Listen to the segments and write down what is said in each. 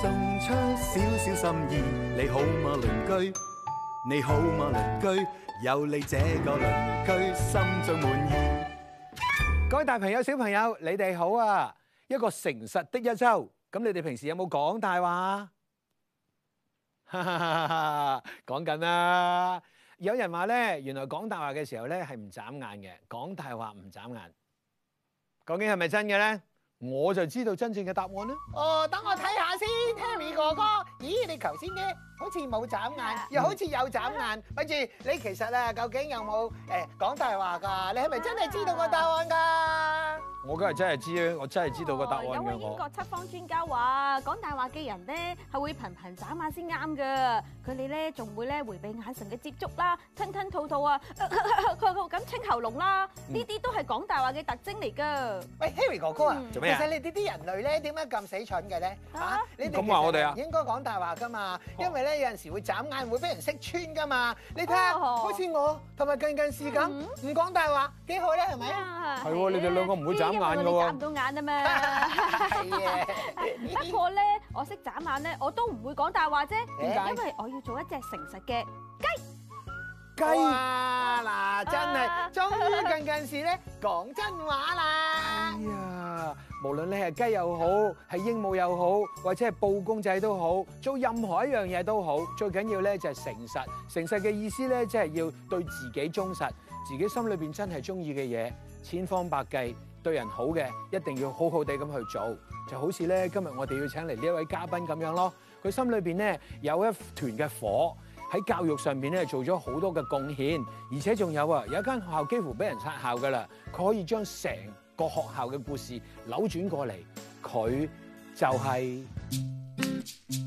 送出少少心意，你好嘛鄰居？你好嘛鄰居？有你這個鄰居，心中滿意。各位大朋友、小朋友，你哋好啊！一個誠實的一周，咁你哋平時有冇講大話？哈哈哈！講緊啊。有人話咧，原來講大話嘅時候咧係唔眨眼嘅，講大話唔眨眼。究竟係咪真嘅咧？我就知道真正嘅答案啦！哦，等我睇下先，Terry 哥哥，咦，你頭先嘅？好似冇眨眼，又好似有眨眼。咪住，你其實啊，究竟有冇誒講大話㗎？你係咪真係知道個答案㗎？我梗係真係知，我真係知道個答案。有位英國七方專家話：講大話嘅人咧，係會頻頻眨眼先啱㗎。佢哋咧仲會咧迴避眼神嘅接觸啦，吞吞吐吐啊，咁清喉嚨啦，呢啲都係講大話嘅特徵嚟㗎。喂，Harry 哥哥啊，做咩啊？其實你哋啲人類咧，點解咁死蠢嘅咧？嚇！咁話我哋啊？應該講大話㗎嘛，因為咧。有陣時會眨眼，會俾人識穿噶嘛？你睇下，好似我同埋近近士咁，唔講大話，幾好咧？係咪？係喎，你哋兩個唔會眨眼噶喎。因為我眨唔到眼啊嘛。係嘅。不過咧，我識眨眼咧，我都唔會講大話啫。點解？因為我要做一隻誠實嘅雞。雞呀，嗱，真係，終於近近士咧講真話啦。無論你係雞又好，係鸚鵡又好，或者係布公仔都好，做任何一樣嘢都好，最緊要咧就係誠實。誠實嘅意思咧，即係要對自己忠實，自己心裏邊真係中意嘅嘢，千方百計對人好嘅，一定要好好地咁去做。就好似咧今日我哋要請嚟呢一位嘉賓咁樣咯，佢心裏邊咧有一團嘅火，喺教育上邊咧做咗好多嘅貢獻，而且仲有啊，有一間學校幾乎俾人殺校噶啦，佢可以將成。個學校嘅故事扭轉過嚟，佢就係、是、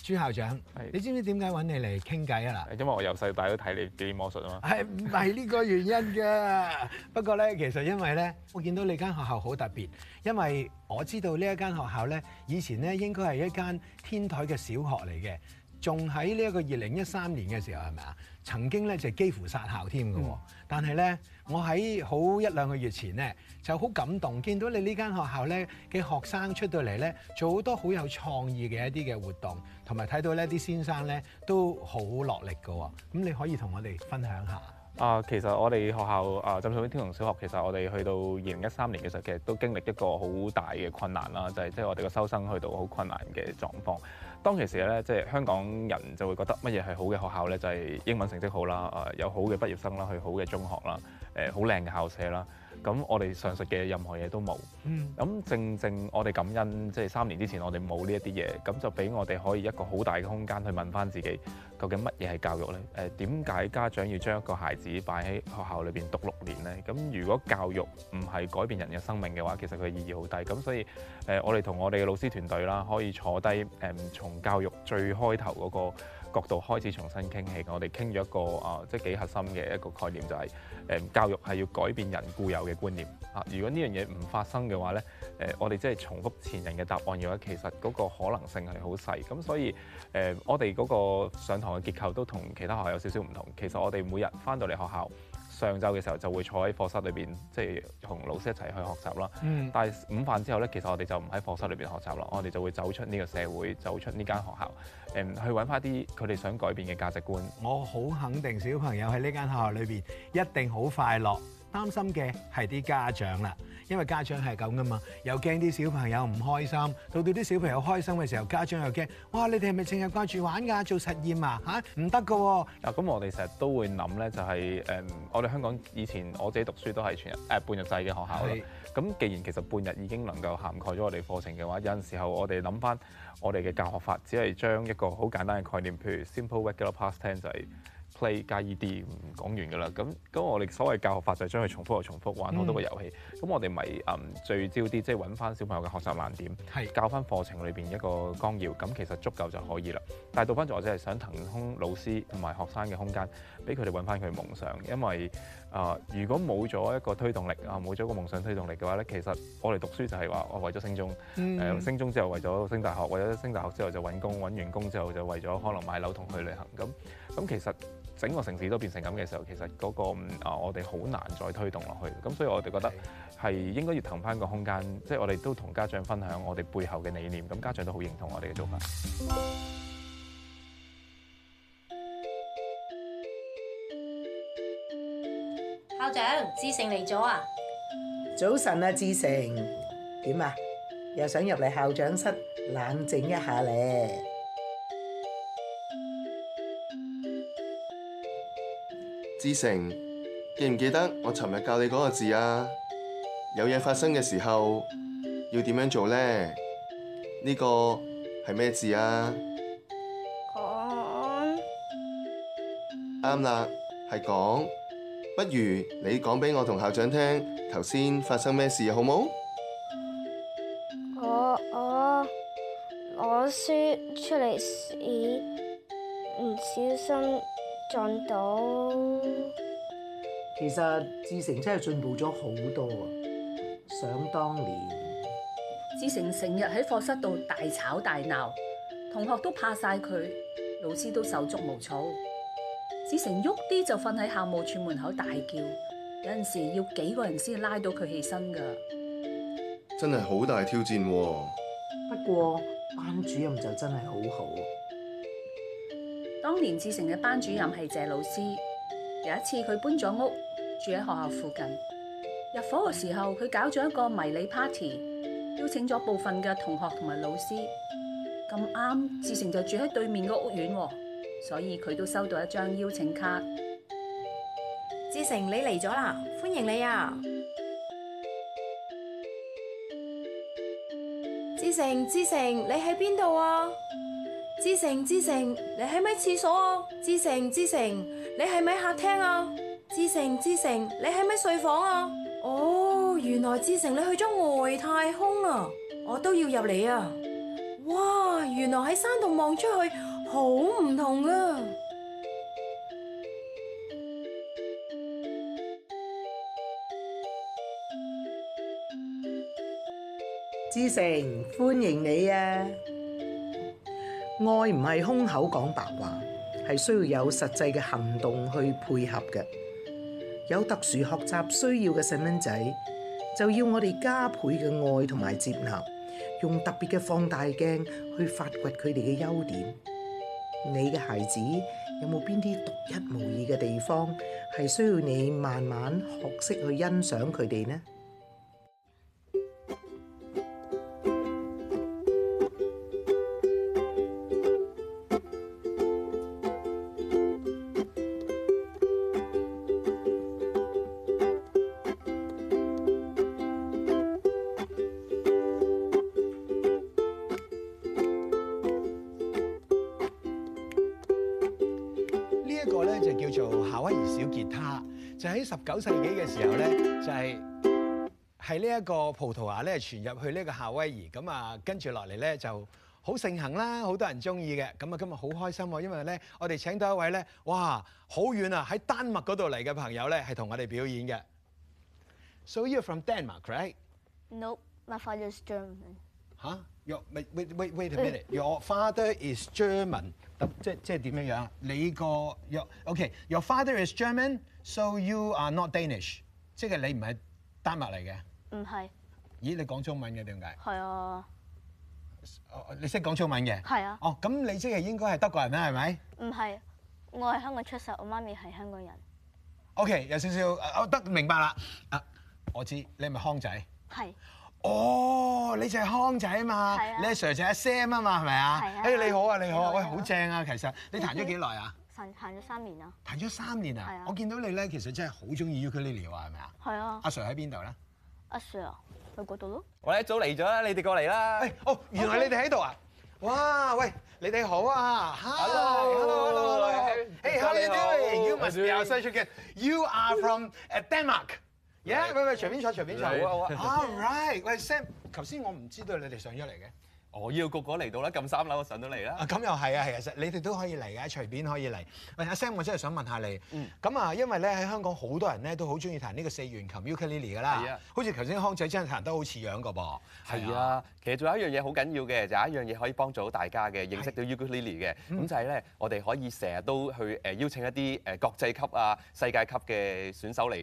朱校長。你知唔知點解揾你嚟傾偈啊？嗱，因為我由細到大都睇你表演魔術啊嘛。係唔係呢個原因嘅？ 不過咧，其實因為咧，我見到你間學校好特別，因為我知道呢一間學校咧，以前咧應該係一間天台嘅小學嚟嘅。仲喺呢一個二零一三年嘅時候係咪啊？曾經咧就是、幾乎殺校添嘅、哦，嗯、但係咧我喺好一兩個月前咧就好感動，見到你呢間學校咧嘅學生出到嚟咧，做好多好有創意嘅一啲嘅活動，同埋睇到呢啲先生咧都好落力嘅、哦。咁你可以同我哋分享一下啊？其實我哋學校啊，浸信會天虹小學，其實我哋去到二零一三年嘅時候，其實都經歷一個好大嘅困難啦，就係即係我哋嘅收生去到好困難嘅狀況。當其時咧，即係香港人就會覺得乜嘢係好嘅學校咧，就係英文成績好啦，誒有好嘅畢業生啦，去好嘅中學啦，誒好靚嘅校舍啦。咁我哋上述嘅任何嘢都冇，嗯，咁正正我哋感恩，即係三年之前我哋冇呢一啲嘢，咁就俾我哋可以一個好大嘅空間去問翻自己，究竟乜嘢係教育咧？誒點解家長要將一個孩子擺喺學校裏邊讀六年咧？咁如果教育唔係改變人嘅生命嘅話，其實佢意義好低。咁所以誒、呃、我哋同我哋嘅老師團隊啦，可以坐低誒、呃，從教育最開頭嗰個。角度開始重新傾起。我哋傾咗一個啊，即係幾核心嘅一個概念就係誒教育係要改變人固有嘅觀念。如果呢樣嘢唔發生嘅話咧，我哋即係重複前人嘅答案嘅話，如果其實嗰個可能性係好細。咁所以我哋嗰個上堂嘅結構都同其他學校有少少唔同。其實我哋每日翻到嚟學校。上晝嘅時候就會坐喺課室裏邊，即係同老師一齊去學習啦。嗯。但係午飯之後咧，其實我哋就唔喺課室裏邊學習啦，我哋就會走出呢個社會，走出呢間學校，誒去搵返啲佢哋想改變嘅價值觀。我好肯定小朋友喺呢間學校裏邊一定好快樂，擔心嘅係啲家長啦。因為家長係咁噶嘛，又驚啲小朋友唔開心，到到啲小朋友開心嘅時候，家長又驚。哇！你哋係咪成日掛住玩㗎？做實驗啊？嚇唔得噶喎！咁、啊嗯、我哋成日都會諗咧，就係、是、誒，um, 我哋香港以前我自己讀書都係全日誒半日制嘅學校啦。咁既然其實半日已經能夠涵蓋咗我哋課程嘅話，有時候我哋諗翻我哋嘅教學法，只係將一個好簡單嘅概念，譬如 simple regular past tense 就係、是。play 加 ED 唔講完㗎啦。咁咁，我哋所謂教學法就係將佢重複又重複玩好多個遊戲。咁、嗯、我哋咪誒聚焦啲，即係揾翻小朋友嘅學習難點，係教翻課程裏邊一個綱要。咁其實足夠就可以啦。但係到翻嚟，我哋係想騰空老師同埋學生嘅空間，俾佢哋揾翻佢嘅夢想。因為啊、呃，如果冇咗一個推動力啊，冇咗一個夢想推動力嘅話咧，其實我哋讀書就係話我為咗升中誒、嗯呃，升中之後為咗升大學，為咗升大學之後就揾工，揾完工之後就為咗可能買樓同去旅行咁。咁其實整個城市都變成咁嘅時候，其實嗰、那個啊，我哋好難再推動落去。咁所以我哋覺得係應該要騰返個空間，即、就、係、是、我哋都同家長分享我哋背後嘅理念。咁家長都好認同我哋嘅做法。校長，志成嚟咗啊！早晨啊，志成，點啊？又想入嚟校長室冷靜一下咧。思成，記唔記得我尋日教你嗰個字啊？有嘢發生嘅時候要點樣做咧？呢個係咩字啊？講，啱啦，係講。不如你講俾我同校長聽，頭先發生咩事好冇？我我攞書出嚟咦，唔小心。撞到。其實志成真係進步咗好多啊！想當年，志成成日喺課室度大吵大鬧，同學都怕晒佢，老師都手足無措。志成喐啲就瞓喺校務處門口大叫，有陣時要幾個人先拉到佢起身噶。真係好大挑戰啊。不過班主任就真係好好。今年志成嘅班主任係謝老師，有一次佢搬咗屋，住喺學校附近。入伙嘅時候，佢搞咗一個迷你 party，邀請咗部分嘅同學同埋老師。咁啱，志成就住喺對面個屋苑，所以佢都收到一張邀請卡。志成，你嚟咗啦，歡迎你啊！志成，志成，你喺邊度啊？志成，志成，你喺咪廁所啊？志成，志成，你喺咪客廳啊？志成，志成，你喺咪睡房啊？哦，原來志成你去咗外太空啦，啊！我都要入嚟啊！哇，原來喺山度望出去好唔同啊！志成，歡迎你啊！愛唔係空口講白話，係需要有實際嘅行動去配合嘅。有特殊學習需要嘅細蚊仔，就要我哋加倍嘅愛同埋接納，用特別嘅放大鏡去發掘佢哋嘅優點。你嘅孩子有冇邊啲獨一無二嘅地方，係需要你慢慢學識去欣賞佢哋呢？十九世紀嘅時候咧，就係係呢一個葡萄牙咧傳入去呢個夏威夷，咁、嗯、啊跟住落嚟咧就好盛行啦，好多人中意嘅。咁啊今日好開心、啊，因為咧我哋請到一位咧，哇好遠啊喺丹麥嗰度嚟嘅朋友咧，係同我哋表演嘅。So you're from Denmark, right? Nope, my father is German. 嚇，your wait wait wait a minute，Your father is German，咁即即係點樣樣？你個 your OK，Your father is German，so you are not Danish，即係你唔係丹麥嚟嘅。唔係。咦？你講中文嘅點解？係啊，你識講中文嘅。係啊。哦，咁你即係應該係德國人啦，係咪？唔係，我喺香港出世，我媽咪係香港人。OK，有少少，我得明白啦。啊，我知你係咪康仔？係。哦，你就係康仔嘛，阿、啊、Sir 就係 Sam 啊嘛，係咪啊？Hey, 你好啊，你好啊，喂，好正啊，啊，其實，其實你彈咗幾耐啊？彈彈咗三年啊！彈咗三年啊？我見到你咧，其實真係好中意 ukulele 啊，係、啊、咪啊？係啊。阿 Sir 喺邊度咧？阿 Sir 去嗰度咯。我一早嚟咗啦，你哋過嚟啦、哎。哦，原來、okay. 你哋喺度啊！哇，喂，你哋好啊！Hello。Hello。Hello。Oh, hello, hello, hello, hello. Say, you are from Denmark. 喂喂，隨便坐，隨便坐。好啊，好啊、 oh，right！喂 Sam，頭先我唔知道你哋上咗嚟嘅。我要個個嚟到啦，咁三樓個神都嚟啦。咁又係啊，係啊，其實、啊、你哋都可以嚟嘅，隨便可以嚟。喂、啊，阿 Sam，我真係想問下你。嗯。咁啊，因為咧，喺香港好多人咧都好中意彈呢個四弦琴 ukulele 嘅啦。係啊。好似頭先康仔真係彈得好似樣嘅噃。係啊，啊。其實仲有一樣嘢好緊要嘅，就係、是、一樣嘢可以幫助到大家嘅，認識到 ukulele 嘅。咁就係咧、嗯，我哋可以成日都去誒邀請一啲誒國際級啊、世界級嘅選手嚟。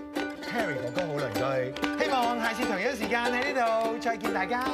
Harry 哥哥好鄰居，希望下次同樣的時間喺呢度再見大家。